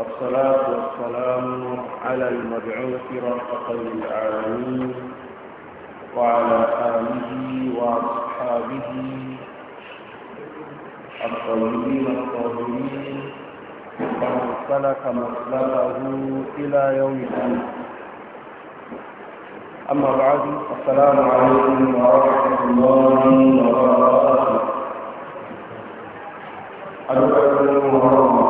الصلاة والسلام على المبعوث رفقا للعالمين وعلى آله وأصحابه الطيبين الطاهرين ومن سلك مسلكه إلى يوم الدين أما بعد السلام عليكم ورحمة الله وبركاته أدعو الله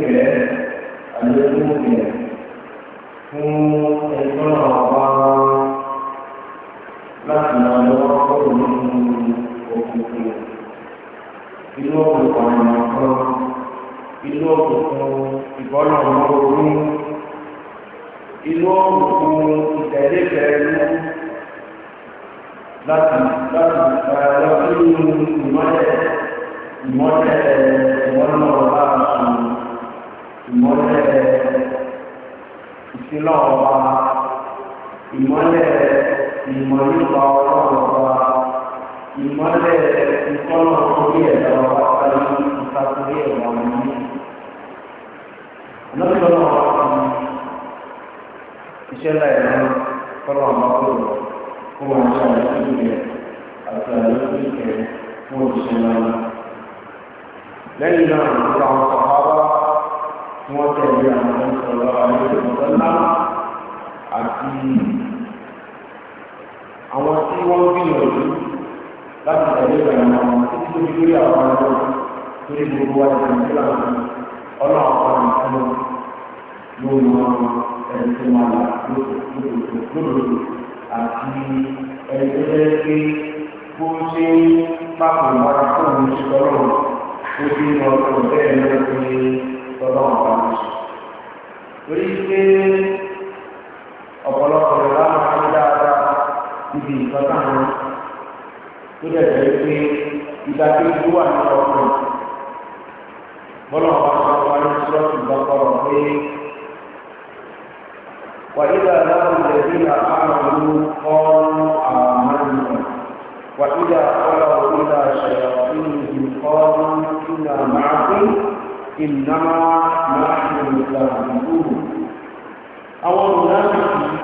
rẹ̀ fún òṣìṣẹ́ náà lẹ́yìn náà nípa àwọn sọ̀hábà tí wọ́n tẹ̀lé àwọn ìṣọ̀lọ́ ayélujára àti àwọn tí wọ́n gbìyànjú láti tẹ̀lé ìgbàlá àwọn títí tó fi lórí àwọn ọmọ lórí gbogbo wa pápá ìmọ̀ra fún òun sí tọ́lọ́run ó ti ń lọ tó bẹ́ẹ̀ ló fi tọ́lọ́run bá mi sùn. torí pé ọ̀pọ̀lọpọ̀ ìlú àwọn ọmọ dáadáa níbi ìkan إنما نحن مستهزئون àwọn olùdáàbòsí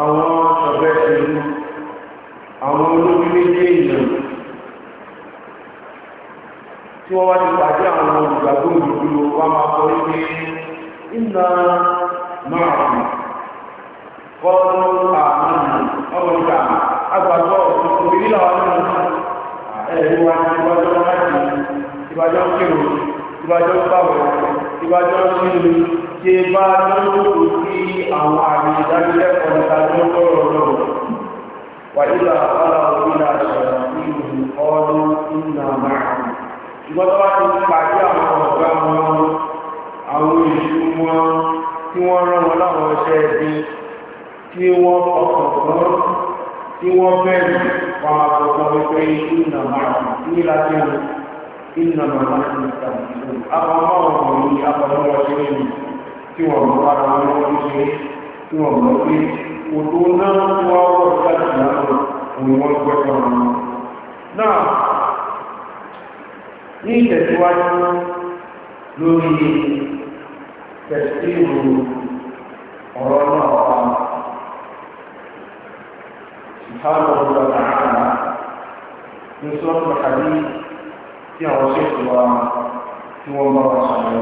àwọn ọ̀bẹ̀ ìlú àwọn olóbi méjì tí wọ́n wá ti pàdé àwọn olùgbàgbọ́ òdòdó wa máa kọ́ wípé ìnà ìbájọ́ sílé tí ẹ bá lóòrò sí àwọn àmì ìdánilẹ́kọ̀ọ́ ìdájọ́ tọ́rọ̀ lọ́wọ́ wà nílà àpárá orílẹ̀ àṣàrà ìlú ọdún ìnà márùn-ún ṣùgbọ́n tó bá ti pàdé àwọn ọ̀gá wọn àwọn èṣù wọn tí wọ́n rán wọn láwọn iṣẹ́ ẹbí tí wọ́n ọkọ̀ wọn tí wọ́n bẹ̀rù wọn àpọ̀pọ̀ wípé ìnà márùn-ún ní láti rìn iná máa wá sí ìta àwọn ọmọ ọmọ yìí abọ́lọ́wọ́ ṣe é mi tí wọ́n mọ ara wọn lọ́wọ́ ṣe é tí wọ́n mọ pé òdo náà tó wá wọ́n láti láàrọ̀ òun wọ́n gbẹ́ ní tí àwọn ṣe fún wa tí wọ́n bá wa ṣàlàyé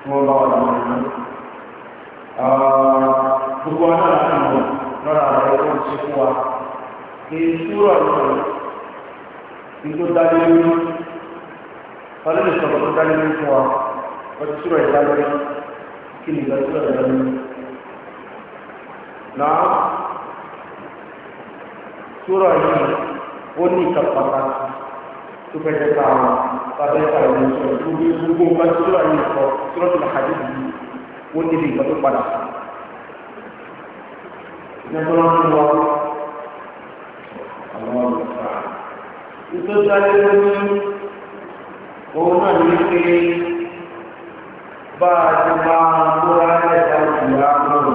tí wọ́n bá wa ṣàlàyé. gbogbo wa náà ti mọ̀ lọ́ra àlàyé tó ń ṣe fún wa kí súrọ̀ náà ní tó dálé lórí wọ́n lè sọ̀rọ̀ tó dálé lórí fún wa wọ́n ti súrọ̀ ìdálórí kí ni ìgbà súrọ̀ ìdálórí tó fẹ́ jẹ́ ká wọn bàbá ẹ̀ka ìlú sọ gbogbo gbogbo nǹkan tí sọ́ra yìí sọ sọ́ra tó làkàdé yìí wọ́n ti di nǹkan tó padà. ìjọba wọn fún wa àwọn olùkọ́ nítorí alẹ́ lórí òun náà ní pé bá a ti máa múra lẹ́ẹ̀dá ìlú àmọ́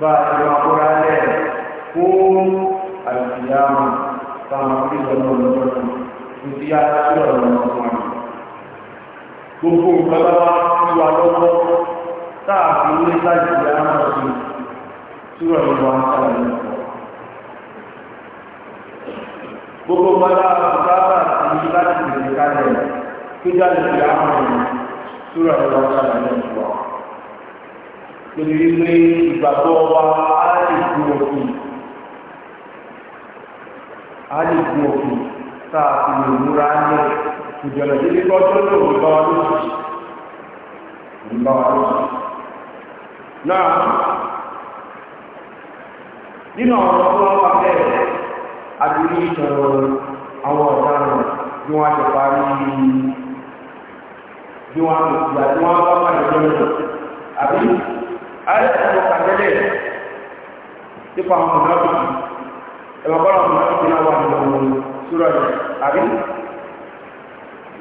bá a ti máa múra lẹ́ẹ̀ fún àìsíyá mọ́ táwọn akéwà náà lọ́wọ́ ní ti yá sí ọ̀rọ̀ wọn fún wa. gbogbo nǹkan bá wá sí wa lọ́wọ́ táà fi ní láti yá náà sí sírọ̀ ní wa sáré ní ọ̀pọ̀. gbogbo bàbá bàbá àti láti lè kalẹ̀ tó jáde sí àwọn ọ̀rọ̀ sírọ̀ ní wa sáré ní ọ̀pọ̀. lórí wípé ìgbàgbọ́ wa á a lè gun òkè tá a fi lè múra ní ìjọba ìdílé kọjọ ní òun bá wa lójijì òun bá wa lójijì náà nínú àwọn ọmọ wọn wà bẹ́ẹ̀ adúlé ìṣòro àwọn ọ̀daràn bí wọ́n ti parí bí wọ́n gbà tí wọ́n bá wà nínú àbí alẹ́ ọ̀pọ̀ kàtẹ́lẹ̀ nípa àwọn ọ̀daràn ẹ̀wọ̀n bọ́lá ọmọ ìpín náà wà nínú ọmọ súrọ̀ yẹn àbí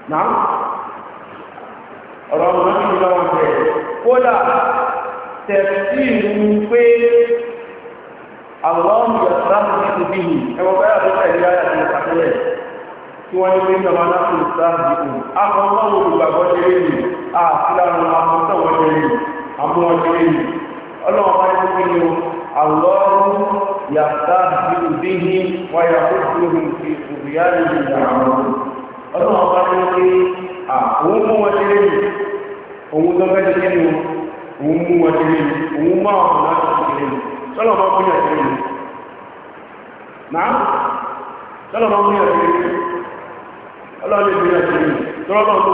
náà ọ̀rọ̀ ọmọ ìpín náà wà bẹ̀rẹ̀ kódà tẹ̀sí ìlú pé àwọn ọmọ ìsìlámù ti ti bí yìí ẹ̀wọ̀n bẹ́ẹ̀ tó tẹ̀lé ayé àti ìsàkúrẹ̀ tí wọ́n ní pé ìjọba náà kò sáà di òun àwọn ọmọ olùgbàgbọ́ ṣeré yìí àti lára àwọn ọmọ tó wọ́n ṣeré yìí àwọn ọmọ ṣeré yìí ọlọ́run bá ní kí ni o الله يستهزئ بهم ويخذهم في طغيانهم يعمهون ọdún ọba ní pé àwọn mú wọn ṣeré ní òun gẹ́gẹ́ ti ṣe ní òun mú wọn ṣeré ní òun máa wọn láti ṣeré ní sọ́lọ̀mọ́ mú yàn ṣeré ní náà sọ́lọ̀mọ́ mú yàn ṣeré ní ọlọ́lẹ́ mú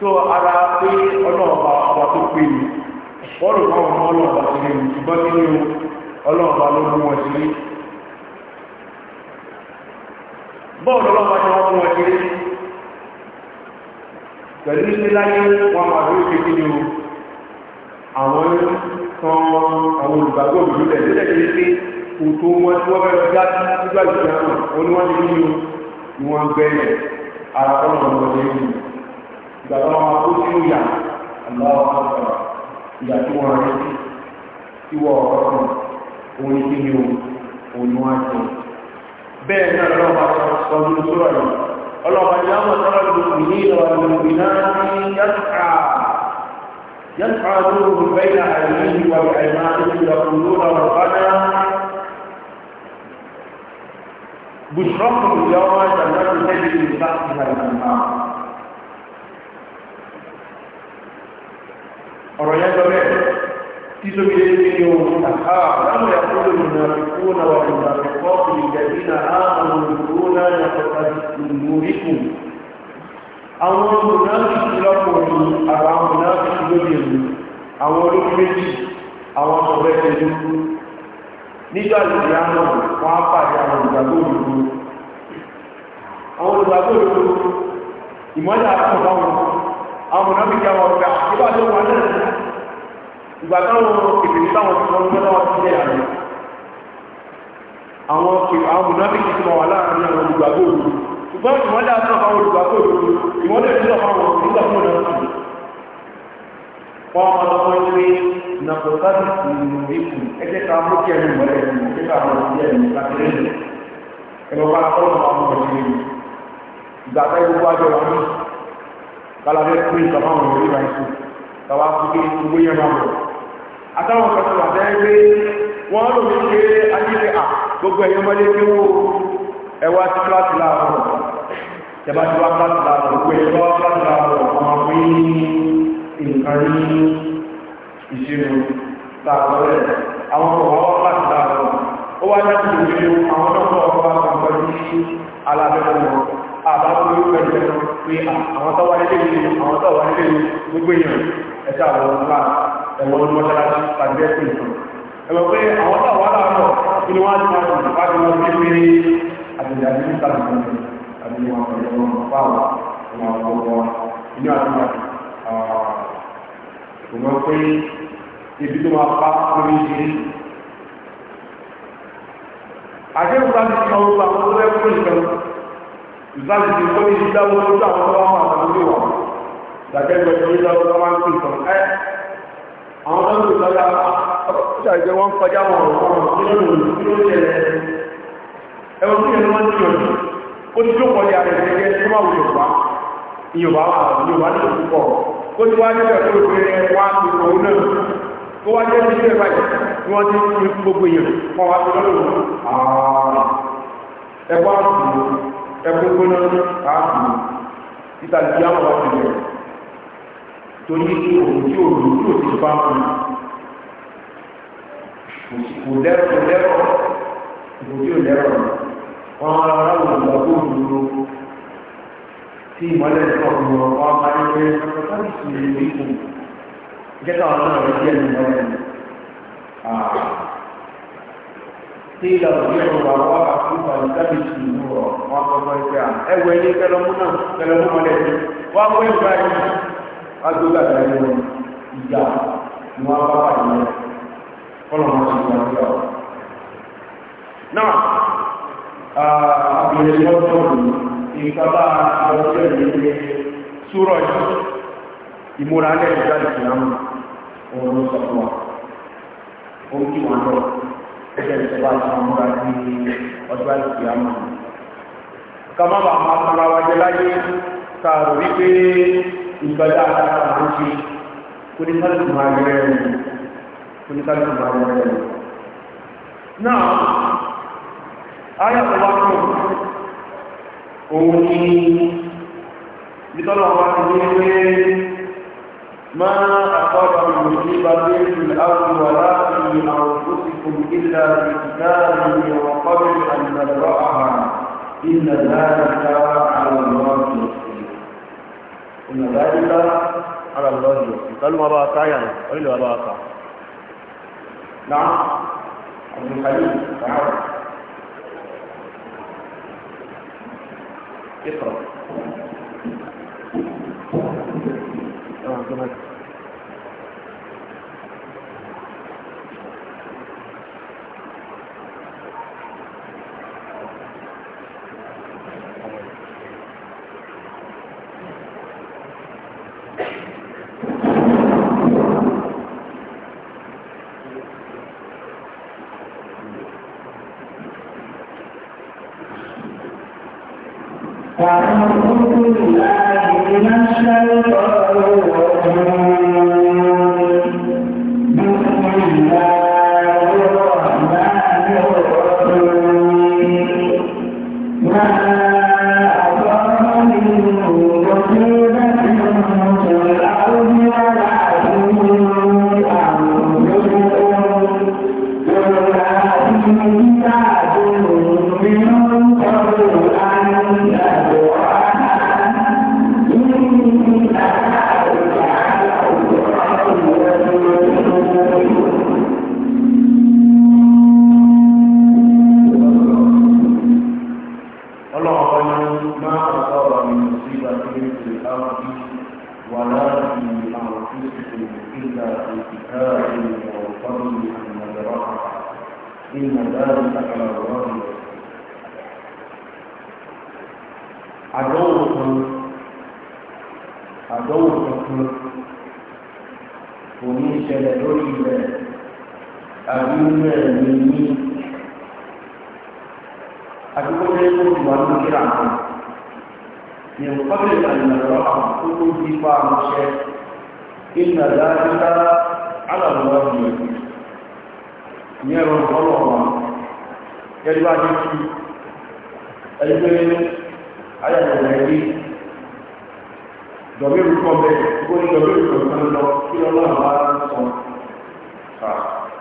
tó ara pé ọlọ́ọ̀bà ọba tó pè ní bọ́ọ̀lù fáwọn ọmọ ọlọ́ọ̀bà sí ní ṣùgbọ́n nínú ọlọ́ọ̀bà ló mú wọn sí bọ́ọ̀lù ọlọ́ọ̀bà ni wọ́n mú wọn sí pẹ̀lú ní láyé wọn pàdé òkè kí ni o àwọn kan àwọn olùgbàgbọ́ òbí lẹ̀ lẹ́lẹ̀ kí ni pé kòtò wọn tí wọ́n sí nígbà ìgbà ìgbàgbọ́ máa kó sínú ìyà àlọ́ àgbà ìyà tí wọ́n rẹ̀ sí tí wọ́n ọ̀rọ̀ kan òun ní kí ni o òun wá jẹ bẹ́ẹ̀ náà lọ́wọ́ bá sọ ọdún sọ́rọ̀ yìí ọlọ́pàá ni àwọn sọ́rọ̀ lòdì ní ìlọ́wọ́ lòdì náà ní yàtà يدفع نوره بين عينيه وبأيمانه يقولون ربنا بشركم اليوم جنات تجري من تحتها الأنهار آخر يقول المنافقون والمنافقات للذين آمنوا يقولون يقتدي نوركم àwọn mùnáfíkì lọ́kùnrin ọkụ. mùnáfíkì lóbìnrin àwọn olókùnrin àwọn ọ̀rẹ́ ẹ̀lú nígbà ìrìnà náà wọ́n á pàdé àwọn ìgbàgbọ́ òyìnbó àwọn ìgbàgbọ́ òyìnbó ìmọ́lẹ̀ àkọ́kọ́ àwọn ìgbà táwọn kèfèrè táwọn ti wọ́n gbé lọ́wọ́ sílẹ̀ àná àwọn àwọn mùnáfíkì ti wà láàrin àwọn olùgbàgbọ́ òru ṣùgbọ́n ìmọ́lẹ̀ àti àwọn olùgbàgbọ́ òru ìmọ́lẹ̀ tí wọ́n fáwọn nígbà tí wọ́n náà sì wọ́n máa lọ wọ́n pé nàkọ́tà ti sì nù ikù ẹgbẹ́ ká mú kí ẹnu mọ́lẹ̀ ẹnu ẹgbẹ́ ká mọ̀ sí ẹnu lákẹ́rẹ́ ẹnu ẹnu bá kọ́ lọ́wọ́ àwọn ọmọ ìṣẹ́ ìgbà tá ìwọ́ wájọ wọn ní kálábẹ́ pé ìtàwọn ọmọ ìrìnà ìṣù káwá fún kí gbogbo yẹn máa bọ̀ àtàwọn kan tó wà bẹ́ẹ̀ pé wọ́n lò ní pé ayílẹ̀ à gbogbo ẹ̀yọ́ mọ́lé pé wó ẹwà ti kíláàsì láàárọ̀ ìjọba ti wá kíláàsì láàárọ̀ gbogbo ẹ̀yọ́ wá kíláàsì láàárọ̀ ọmọ pé nǹkan rí ìṣirò tààrọ̀ àwọn ọmọ wá kíláàsì láàárọ̀ ó wá láti ìwé àwọn ọmọ ọmọ ọmọ ní alábẹ́kọ̀ọ́ àbáwọ̀ pẹ̀lú pé àwọn tọ́wà nílé àwọn tọ́wà nílé gbogbo èèyàn ẹ̀ṣà àwọn ọmọ ẹ̀wọ̀n ní mọ́ṣáláṣí tàbí ẹ̀sìn ìtàn ẹ̀wọ̀ pé àwọn náà wà láàárọ̀ kí ni wọ́n á ti máa dùn wá ti máa fi pé àtẹ̀jà ní ìtàlù àti ìwọ̀n ọ̀rọ̀ fáwọn ìwọ̀n ọ̀rọ̀ inú àdúrà ṣùgbọ́n pé ibi tó máa pa lórí ìṣe àjẹ́kùn láti sọ orúkọ àwọn tó fẹ́ fún ìkan láti fi kọ́ ìdáwó lójú àwọn tó wà wọn àtàlójú wọn ìdàkẹ́gbẹ̀ẹ́ ìdáwó tó máa ń pè sọ ẹ́ àwọn tó ń lò lọ́yà ọjà ìjẹ wọn kọjá wọn ọ̀rọ̀ tí ó lò tí ó yẹ ẹwọ́n tí yẹn wọ́n ti yọ̀ ní ó ti jókòó ní ààrẹ ìṣẹ́gẹ́ tó máa wù Yorùbá Yorùbá wà Yorùbá ní òkú pọ̀ ó ti wá níbẹ̀ torí òun tí ò lù tí ò ti bá wọn kò lẹ́rọ̀ kò lẹ́rọ̀ kò tí ò lẹ́rọ̀ wọn ará wò lọ tó dúró tí ìmọ̀lẹ̀ sọ̀ fún wọn wọn máa ń gbé ọ̀sán ìṣòro ìkù jẹ́ka ọ̀nà rẹ̀ díẹ̀ ní mọ́lẹ̀ ní. tí ìlànà bí ọ̀rọ̀ wà wá wà fún ìgbàlú sábì sí ìlú rọ̀ wọn kọ́kọ́ ẹgbẹ́ à ẹwẹ́ ní kẹlọ́mú náà kẹlọ́mú mọ́lẹ̀ ní wọ́n á wọ ìgbà yìí agbóga ìdájọ́ ìyá ni wọ́n bá wà ní ọlọ́run ti gbà ní ọ̀. náà àbẹ̀rẹ̀ lọ́jọ́ ìkàbá ọjọ́ ìrìnlẹ̀ súrọ̀ yìí ìmúra alẹ́ ìjáde ìyàmù ọ̀rọ̀ ló sọ fún wa ó kí wọn lọ ẹgbẹ́ ìjọba láyé tààrù wípé ìgbàdá àtàkà àwọn ṣe kó ní kálùkù máa yẹ ẹ̀rù kó ní kálùkù máa yẹ ẹ̀rù náà ayàtọ̀wà fún òun ni nítọ́lọ̀ wá ti ní pé máa àkọ́bà ìròyìn bá bẹ́ẹ̀rù àwọ̀wà láti àwọn òṣìṣẹ́ ìlà ìdáàrí ọ̀pọ̀lọpọ̀ àìmọ̀lọ́ àhà ìlà láti àwọn ọ̀pọ̀lọpọ̀ إن ذلك على الله يوفي قالوا ما بقى يعني قل لي ما بقى نعم عبد الحليم تعال نعم. اقرأ آه، أعوذ بالله من الشيطان الرجيم إن ذلك على الله àdánwò kan àdánwò kankan kò ní ṣẹlẹ̀ lórí ilẹ̀ àbí ilẹ̀ ní ní àdúgbòdé tó ti wà ní kíra kan ní nǹkan lè ìrìnàjò àkókò tó ti fa àmúṣẹ ìgbàlá ìta alàbọ̀wọ̀ ìrìnàjò ìyẹn rọ ọlọ ọmọ gẹ́gẹ́ bá ti fi ẹgbẹ́ ayàtọ̀lẹ̀ rí dọ̀bẹ̀rù kọ́ bẹ́ẹ̀ kó ní dọ̀bẹ̀rù kọ́ kan lọ kí ọlọ́run bá sọ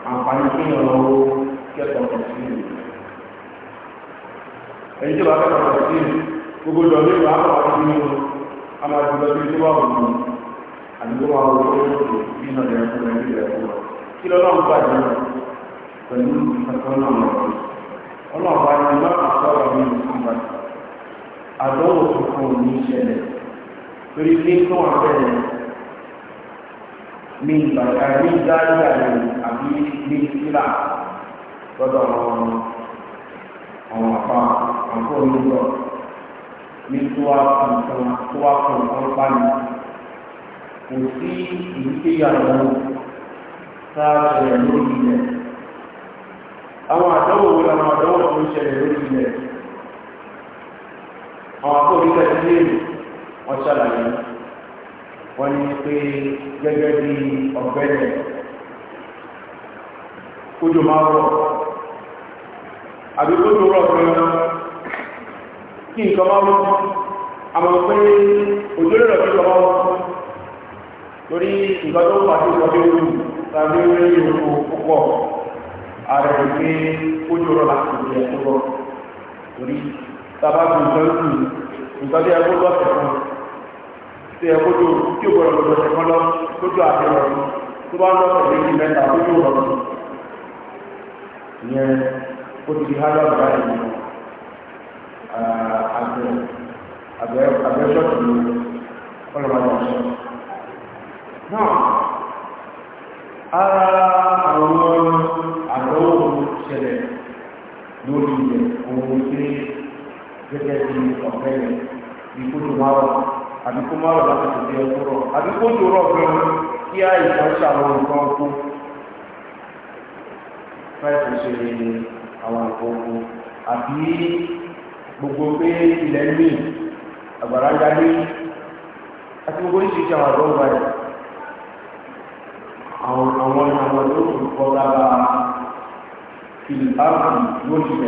àǹfààní kí ọlọ́run kẹ́kọ̀ọ́ sí i èyí tí wàá kẹ́kọ̀ọ́ sí i gbogbo dọ̀bẹ̀rù àkọ́kọ́ sí i a máa dùn lọ́dún tó bá pẹ̀lú ìfẹ́kọ́nà ọ̀rọ̀ ọlọ́ọ̀bá ni máa àtọ́rọ̀ ní ìfúnba àdánwò tuntun ní ìṣẹ̀lẹ̀ torí pé kí wọ́n bẹ̀rẹ̀ mi ìbàdà ní dáríà ní àbí ní sílà lọ́dọ̀ àwọn àwọn àpá àpò nígbà ní tó wá fún nǹkan tó wá fún nǹkan pani kò sí ìdíkẹ́yàwó sáà ṣẹlẹ̀ lórí ilẹ̀. àwọn àdánwò wo làwọn àdánwò tó ń ṣẹlẹ̀ lórí ilẹ̀ àwọn akóríkẹ́ ilé ìlú wọ́n ṣàlàyé wọ́n ní pé gẹ́gẹ́ bí ọ̀gbẹ́lẹ̀ kójò máa rọ̀ àbí kójò rọ̀ gan kí nǹkan máa rọ̀ àmọ́ pé rẹ̀ ààrẹ rẹ̀ pé ó jọrọ láti ìlú ẹ̀kọ́ lọ torí tàbábù ìtọ́jú ìtọ́jú ẹ̀kọ́ lọ́sẹ̀ kan tí ẹ̀kọ́ tó tí ó gbọ́dọ̀ lọ́sẹ̀ kan lọ tó jọ àti lọ tó bá lọ́sẹ̀ méjì mẹ́ta tó ara gẹ́gẹ́ bí ọ̀fẹ́ rẹ̀ ìkójú márọ̀ àbí kó márọ̀ láti tètè ọdún rọ̀ àbí kó jò rọ̀ gan-an kí á ìtàn ṣàwọn nǹkan ọkọ fẹ́ẹ̀tì ṣe àwọn nǹkan ọkọ àbí gbogbo pé ilẹ̀ mí àgbàrá ń dání àti gbogbo oríṣiríṣi àwọn àgbọ̀n gba rẹ̀ àwọn àwọn àwọn tó kọ́ lára kìlì bá kìlì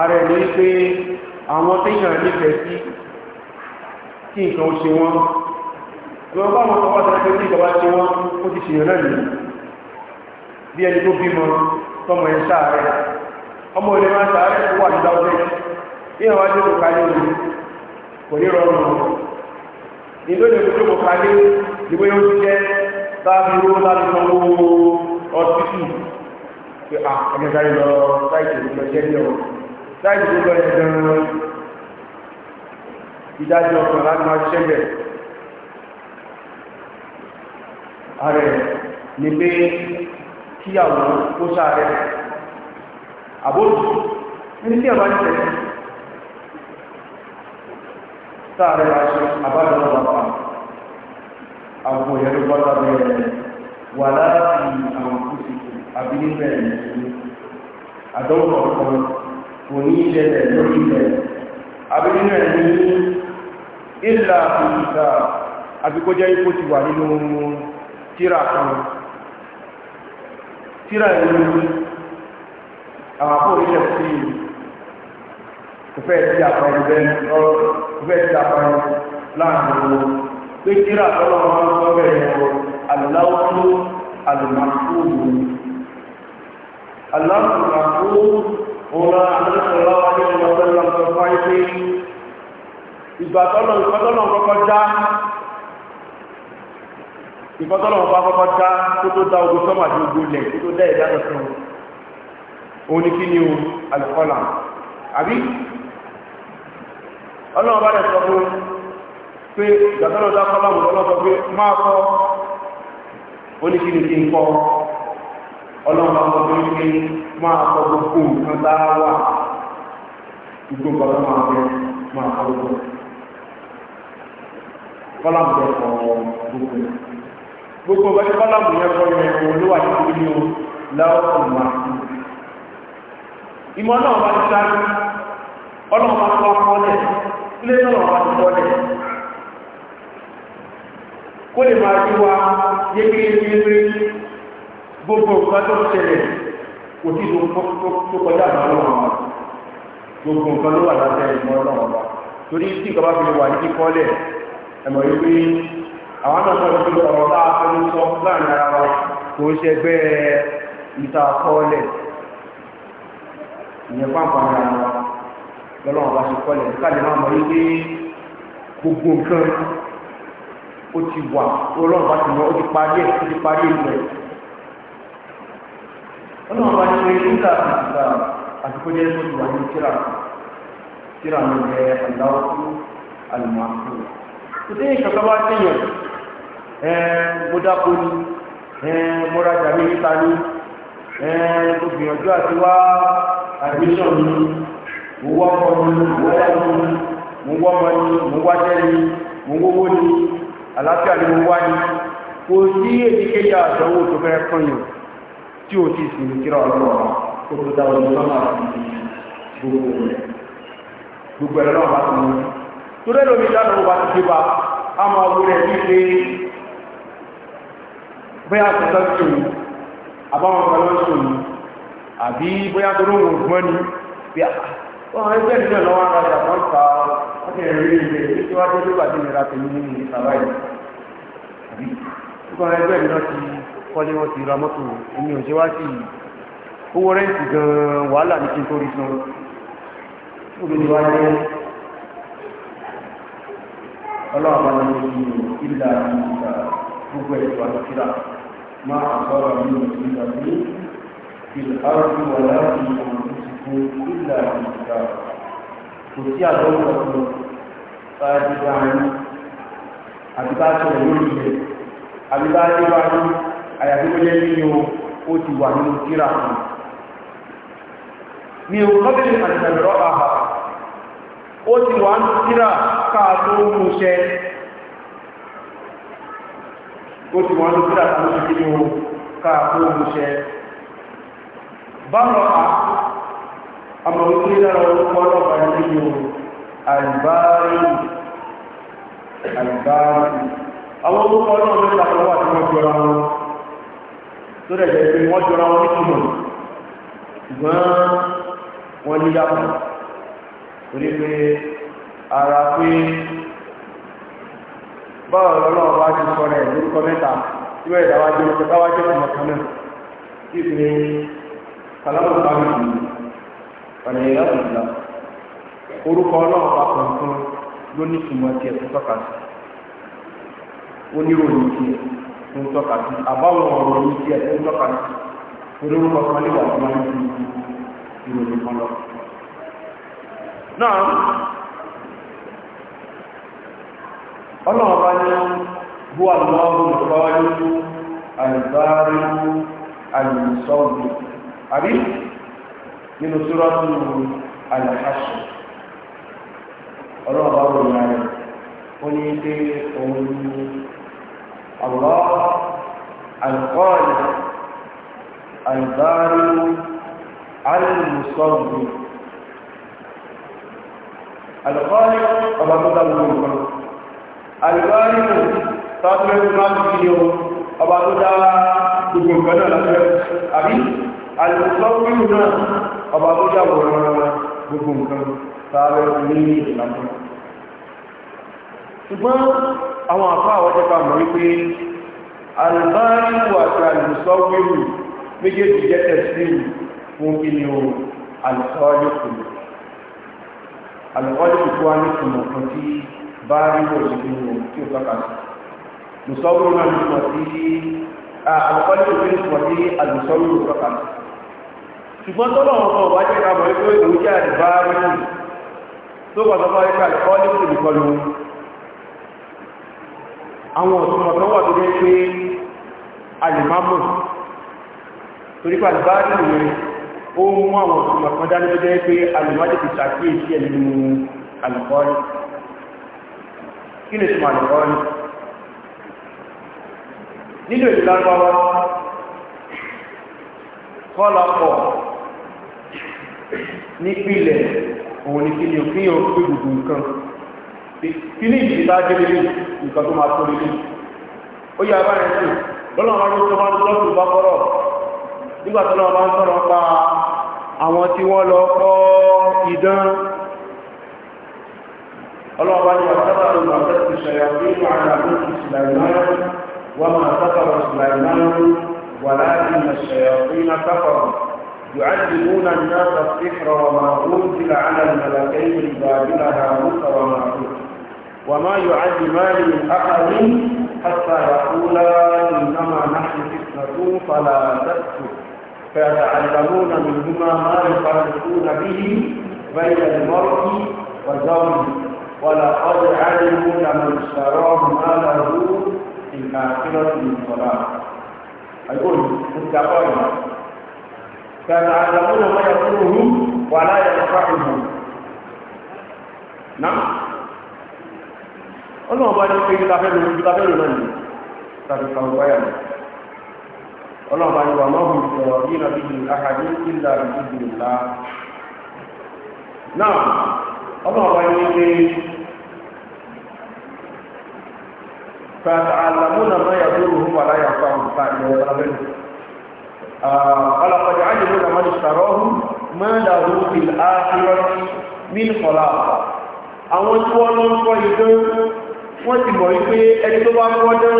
ààrẹ ní pé àwọn tíyàn nífẹ̀ẹ́ sí kí nǹkan ṣe wọ́n wọ́n bá wọn ọwọ́ tẹ́lẹ̀ tí ìjọba ṣe wọ́n ó ti ṣèyàn náà nìyí bí ẹni tó bímọ tọmọ ẹ̀ sáàrẹ̀ ọmọ ilẹ̀ máa sáàrẹ̀ tó wà ní dáwọ́dẹ́ ní àwọn ajé kò kálé ní kò ní rọrùn ìlú ìlú tó kò kálé ìwé ó pé à ah, ẹgbẹ́ lọ sáìtì ìlú lọ jẹ́ láì tó lọ ẹ̀ gan-an ìdájọ́ ọ̀kan láti máa ṣiṣẹ́ bẹ̀. ààrẹ ni pé kíyàwó ó ṣàárẹ àbójú ní tí ẹ̀bá ní tẹ̀lé sáàrẹ aṣọ àbájọ́ ọ̀pá àwọn òyẹ̀rẹ́ bọ́ta bẹ̀rẹ̀ wà láti kò ní ṣẹlẹ̀ lórí ilẹ̀ àbínú ẹ̀ ní ìlà ìgbà àbíkó jẹ́ ipò ti wà nínú tíra kan tíra ìlú àwọn àpò ìṣẹ̀ sí kò fẹ́ sí àpàrẹ láàrin pé tíra tọ́lọ́wọ́ sọ́bẹ̀ ẹ̀kọ́ aláwọ́ alùmọ̀kúrù òun àti sọ̀rọ̀ ní ọ̀sẹ̀lọ̀ ọ̀sọ̀kọ̀ ìpé ìgbàtọ́lọ̀ ìkọ́tọ́lọ̀ kọ́kọ́ já ìkọ́tọ́lọ̀ ọba kọ́kọ́ já tó tó dá ogun sọ́mà tí ogun lẹ̀ tó tó dá ìdá lọ́sọ̀ òun ni kí ni o alùkọ́là àbí ọlọ́run bá dẹ̀ sọ fún pé ìgbàtọ́lọ̀ dá kọ́lá òun lọ́sọ pé máa kọ́ ó ní kí ni kí n kọ́ ọlọ́run àwọn ọmọ ihe máa kọ gbogbo nǹkan tá gbogbo nǹkan máa bẹ máa kọ gbogbo kọ́lámù yẹn kọ gbogbo gbogbo bẹ́ẹ̀ kọ́lámù yẹn kọ yẹn o láwọn ọmọ àti ìmọ̀ náà ti sáré ilé náà ti kó lè máa gbogbo nǹkan tó ṣẹlẹ̀ kò tí tó kọjá àmọ́ ọlọ́run gbogbo nǹkan ló wà lábẹ́ ìmọ̀ ọlọ́run ọba torí tí ìjọba fi wà ní kíkọ́lẹ̀ ẹ̀mọ̀ bá ṣe kọ́lẹ̀ ìyẹn máa mọ̀ wípé gbogbo nǹkan ó ti wà ọlọ́run bá ti mọ̀ ó ti parí ẹ̀ ó ti parí ẹ̀ ọlọ́run bá ní pé nígbà àtìgbà àtìkó jẹ́ tó ti wà ní tíra tíra ní ẹ̀ aláwọ̀kú alùmọ̀kú tó ni ẹ̀ mo rajà ní níta ni ẹ̀ mo gbìyànjú àti wá admission ni mo wá ọkọ ni mo wá ọmọ ni mo wá ọmọ ni mo wá jẹ́ ni àlàáfíà ni mo ni kò sí èdèkéyà àdánwò tó fẹ́ kọ́yàn tí ó ti sinmi kíra ọlọ́run kó tó dá ọdún sọ́nà àti gbogbo rẹ̀ gbogbo ẹ̀rọ náà bá ti mú tó rẹ̀ lómi dáná ó bá ti dé bá a máa wú rẹ̀ bí pé bóyá kò sọ́ sí òun àbáwọn kan ló ń sọ òun àbí bóyá tó lóun ògbọ́n ni bí a ah, wọ́n ẹgbẹ́ ìjọ lọ́wọ́ ara rẹ̀ wọ́n ta ọdún ẹ̀rí ilé tí wọ́n dé lórí àti ìrìnàjò ní ìsàlàyé kọ́lé wọ́n ti ra mọ́tò èmi ò ṣe wá sí owó rẹ́ǹtì gan wàhálà ní kí n tó rí san obìnrin wá jẹ́ ọlọ́ọ̀bá ní ìlà ìgbà gbogbo ẹ̀tọ́ àtàkìlà máa àkọ́rọ̀ ní ìgbà ní ìlàrùn wà ìgbà kò sí àdọ́wọ̀ ọ̀pọ̀ àyàfi kó jẹ́ nínú ó ti wà nínú kíra fún mi ò lọ́bìnrin àtìsàbẹ̀rọ̀ àhà ó ti wà ní kíra káà tó mú ṣẹ ó ti wà ní kíra káà tó mú káà báwọn a ọmọ orí lára orúkọ ọlọ́pàá nínú àìbáyé àìbáyé àwọn orúkọ ọlọ́pàá nípa ọwọ́ àti wọ́n jọra tó rẹ̀ jẹ́ pé wọ́n jọra wọn nítumọ̀ ṣùgbọ́n wọ́n ní yàtọ̀ torí pé ara pé báwo lọ́lọ́wọ́ wá ti sọ rẹ̀ lórúkọ mẹ́ta tí wọ́n ẹ̀dá wájú ọkọ̀ bá wájú ọmọ kan náà kí fi ní kàlámù sáàmì ọ̀nà ìlànà ìlà orúkọ ọlọ́wọ́ bá kọ̀ọ̀kan ló ní ìtumọ̀ tiẹ̀ tó tọ́ka sí oníròyìn tiẹ̀ tó ń tọ́ka sí àbáwọn ọ̀rọ̀ ní tí ẹ̀ tó ń tọ́ka sí olórúkọ kan lè wà tó máa ń fi ìròyìn kan lọ. náà ọlọ́run bá ní bú àlọ́ọ̀rù ìfọwọ́lú àìbárí àìsọ́ọ̀bù àbí الله القادر البارئ المصور الخالق ọba tó dágbò nǹkan alìbáríkù tàbílẹ̀ máa ń fi yíò ọba tó dá gbogbo nǹkan náà lábẹ́ àbí alìbáríkù náà ọba tó dágbò gbogbo nǹkan tàbílẹ̀ ní ìlànà ṣùgbọ́n àwọn àfá àwọn jẹta mọ̀ wípé albáríwà àti alùsọ́wìrù méjèèjì jẹ́ tẹ̀síwì fún kíni o alùsọ́ọ́lùkù alùsọ́ọ́lùkù tó wá ní ìtumọ̀ kan tí báríwà sí kíni o tí ó tọ́ka sí alùsọ́wìrù náà ní ìtumọ̀ sí alùsọ́ọ́lùkù tó ní ìtumọ̀ sí alùsọ́wìrù tọ́ka sí ṣùgbọ́n àwọn ọ̀tún ọ̀tún wà tó jẹ́ pé alìmámù torí pàdé bá rí ìwé ó mú àwọn ọ̀tún ọ̀tún dání tó jẹ́ pé alìmájì ti ṣàkíyèsí ẹ̀ nínú alìkọ́rí kí ni ìtumọ̀ alìkọ́rí nínú ìlú lágbára kọ́lọ̀pọ̀ nípìlẹ̀ òun ni kí ni òfin òfin gbogbo nǹkan kí ni ìdílá jẹ́ nǹkan tó máa tó lélẹ̀ ó yẹ abá rẹ̀ sùn lọ́nà àwọn ọmọdé tó máa ń lọ́sùn bá kọ́rọ̀ nígbà tó náà máa ń sọ̀rọ̀ pa àwọn tí wọ́n lọ kọ́ idán ọlọ́ọ̀bá ni wọ́n sábà lọ máa tẹ́sí يعلمون الناس السحر وما أنزل على الملكين بابل هاروت وماروت وما يعلمان من أحد حتى يقولا إنما نحن فتنة فلا تكفر فيتعلمون منهما ما يفرقون به بين المرء وزوجه ولقد علموا لمن اشتراه ما له في الآخرة من صلاة أقول متقون فيتعلمون ما يقوله ولا يدفعه نعم ọlọ́wọ́n bá ní pé tafẹ́ lórí ibi tafẹ́ lórí náà tàbí kan báyà ní bá ní wà máa hù sọ̀rọ̀ bí nàbí ju àkàdé ìlà ìdíje ńlá náà ya bá ní pé wọ́n ti mọ̀ wípé ẹni tó bá mọ́dọ́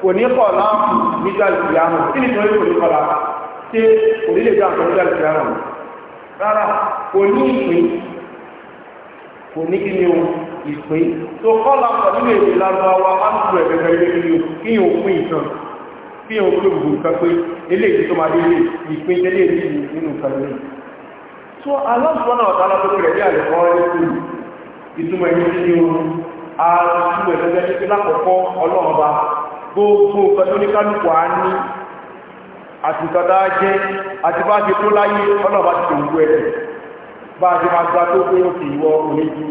kò ní kọ̀ láàpù nígbà ìgbìyàmù kí ni torí kò ní kọ̀lá tí kò ní lè gbà fún nígbà rárá kò ní ìpín kò ní kí ni o ìpín tó kọ́lá pọ̀ nínú èdè lárúbáwá ápù ẹ̀fẹ́ fẹ́rẹ́ kí ni o pín o pín gbogbo nǹkan pé eléyìí tó máa délé ìpín tẹ́lẹ̀ yìí nínú nǹkan lẹ́yìn tó aláṣọ náà tálá tó kẹrẹ̀ bí àlẹ́kọ́ ẹ̀kú ìtumọ̀ ẹni kí ni o ààrùn ìṣúwẹ̀ gẹ́gẹ́ ní pé lákọ̀ọ́kọ́ ọlọ́run bá gbogbo nǹkan tó ní kálukú á ní àti nǹkan tá a jẹ́ àti bá ti kó láyé ọlọ́run bá ti tò wú ẹ̀ bá ti máa gba tó pé ó ti wọ òní ju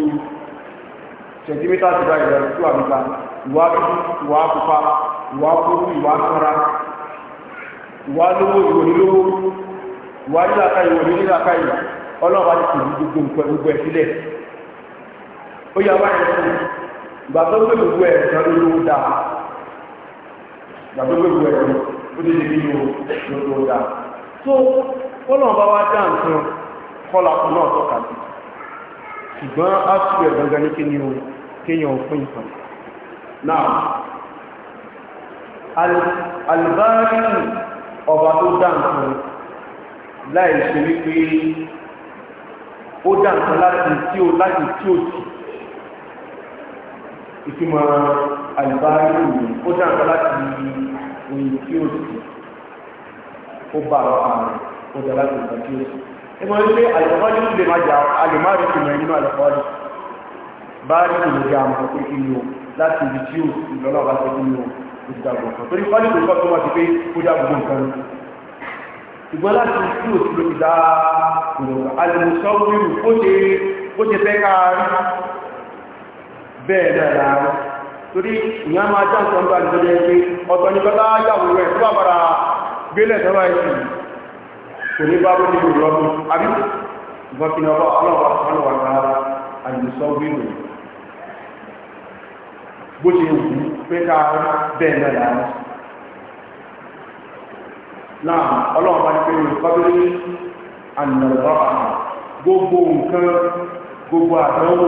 sẹ̀tímítà ti ra ìrẹ̀lẹ̀ tó àmìta ìwà dúdú ìwà pupa ìwà kúrú ìwà sanra ìwà lówó ìwò nílówó ìwà nílàkà ìwò nílàkà ìwà ọlọ́run bá ti tò wú gbogbo nǹkan gbogbo ẹ̀ sílẹ̀ ó yà wáyé gbàtọ́ pé gbogbo ẹ̀ ẹ̀sán ló ló dá gbàtọ́ pé gbogbo ẹ̀ ló dé níbi ló ló dá tó kọ́nà bá wá dá nǹkan kọ́là kan náà tọ́ka sí ṣùgbọ́n á tún ẹ̀ gangan ní kíni o kéèyàn òfin kan náà alìbáàrínì ọba tó dá nǹkan láì ṣe wípé ó dá nǹkan láti tí ó láti tí ó sì ìtumọ̀ àlùbáyé yìí ó dá nǹkan láti oyin tí ó sì ó bá lọ àrùn ó dá láti nǹkan tí ó sì. ẹ mọ̀ wípé àlùbáyé ló lè má jà àlùmáàrí ti mọ̀ nínú àlùbáyé báyìí kò lè jẹ́ àmọ̀ pé kí ni o láti ibi tí ó sì lọ́nà bá ṣe kí o ó ti dàgbọ̀ ṣe fẹ́ ká bẹ́ẹ̀ náà láàárọ̀ torí ìyá máa já nǹkan bá ní lọ́jọ́ pé ọ̀tọ̀ ní bọ́lá yàwó rẹ̀ tó bá bára gbélẹ̀ tó bá yìí kò ní bá wọ́n ní ìrọ́bù àbí burkina bá ọlọ́wà ọlọ́wà náà àyùsọ́ wíwò bó ṣe wù pé ká bẹ́ẹ̀ náà láàárọ̀ náà ọlọ́wà bá ní gbogbo nǹkan gbogbo àdánwò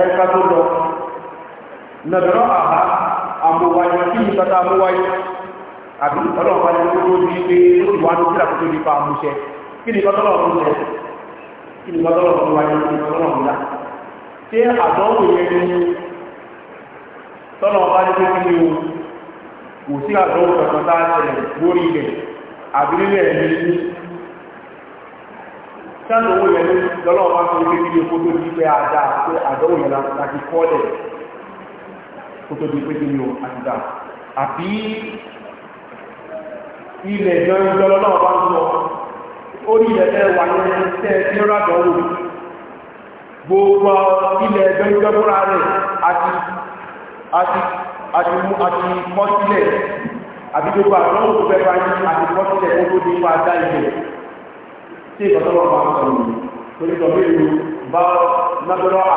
ẹ̀ka tó lọ nàbẹ̀rọ̀ àhá àmúwáyé kí ní bàtà àmúwáyé àbí ọlọ́ọ̀pá ní gbogbo ní pé ìwà ní sílà tó tóbi àmúṣẹ kí ni bàtà ọ̀rọ̀ ṣẹ kí ni bàtà kí ní kí a sẹ́nu owó yẹn lọ́nà ọba fún ilé kíkí kó di pé àdá pé àdánwò yẹn láti kọ́ dị kó di pé kí ni o àti dà àbí ilẹ̀ lọ́nà ọba ń lọ orí ilẹ̀ tẹ́ wà ní tẹ́ ní gbogbo ilẹ̀ rẹ̀ gbogbo bá tí ìfọ̀tọ́lọ́ máa ń sọ̀rọ̀